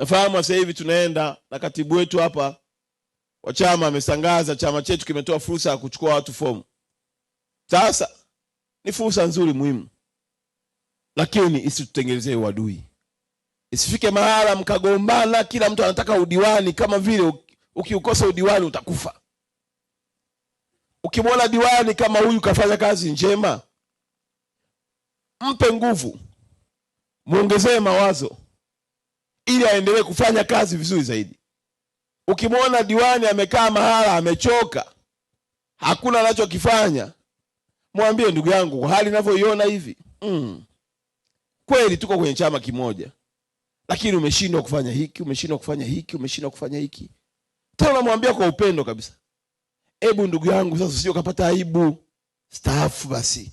Nafahamu sasa hivi tunaenda na katibu wetu hapa wa chama amesangaza chama chetu kimetoa fursa ya kuchukua watu fomu. Sasa ni fursa nzuri muhimu, lakini isitutengenezee uadui, isifike mahala mkagombana, kila mtu anataka udiwani, kama vile ukiukosa udiwani utakufa. Ukimwona diwani kama huyu kafanya kazi njema, mpe nguvu, muongezee mawazo ili aendelee kufanya kazi vizuri zaidi. Ukimwona diwani amekaa mahala amechoka, hakuna anachokifanya, mwambie ndugu yangu, kwa hali ninavyoiona hivi mm, kweli tuko kwenye chama kimoja, lakini umeshindwa kufanya hiki, umeshindwa kufanya hiki, umeshindwa kufanya hiki. Tena namwambia kwa upendo kabisa, ebu ndugu yangu, sasa sio kapata aibu, staafu basi,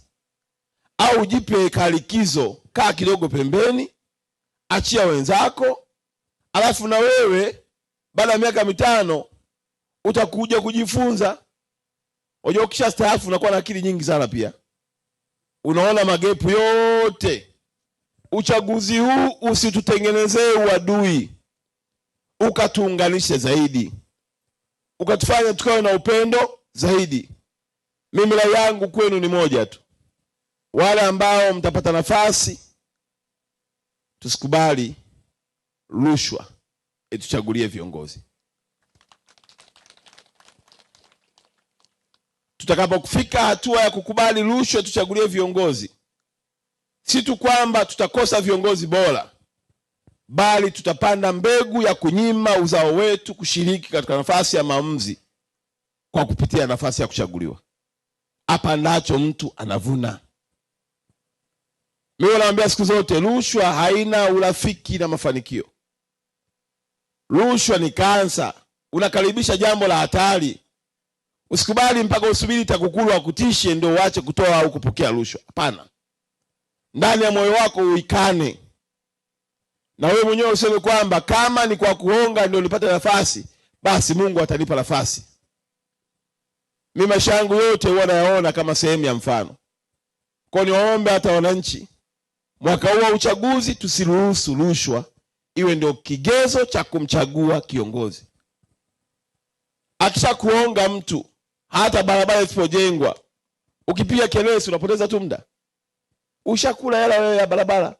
au jipe kalikizo, kaa kidogo pembeni, achia wenzako Alafu na wewe baada ya miaka mitano utakuja kujifunza. Unajua, ukisha staafu unakuwa na akili nyingi sana pia, unaona magepu yote. Uchaguzi huu usitutengenezee uadui, ukatuunganishe zaidi, ukatufanya tukawe na upendo zaidi. Mimi rai yangu kwenu ni moja tu, wale ambao mtapata nafasi tusikubali rushwa, ituchagulie viongozi. Tutakapofika hatua ya kukubali rushwa, tuchagulie viongozi, si tu kwamba tutakosa viongozi bora, bali tutapanda mbegu ya kunyima uzao wetu kushiriki katika nafasi ya maamuzi kwa kupitia nafasi ya kuchaguliwa. ndacho mtu anavuna. Mimi nawaambia siku zote, rushwa haina urafiki na mafanikio. Rushwa ni kansa, unakaribisha jambo la hatari. Usikubali mpaka usubiri TAKUKURU akutishe ndio uache kutoa au kupokea rushwa. Hapana, ndani ya moyo wako uikane, na wewe mwenyewe useme kwamba kama ni kwa kuonga ndio nipate nafasi, basi Mungu atanipa nafasi. Mimi maisha yangu yote huwa nayaona kama sehemu ya mfano. Kwa niwaombe hata wananchi, mwaka huu wa uchaguzi tusiruhusu rushwa iwe ndio kigezo cha kumchagua kiongozi. Akisha kuonga mtu, hata barabara isipojengwa ukipiga kelele, unapoteza tu muda, ushakula yala wewe ya barabara.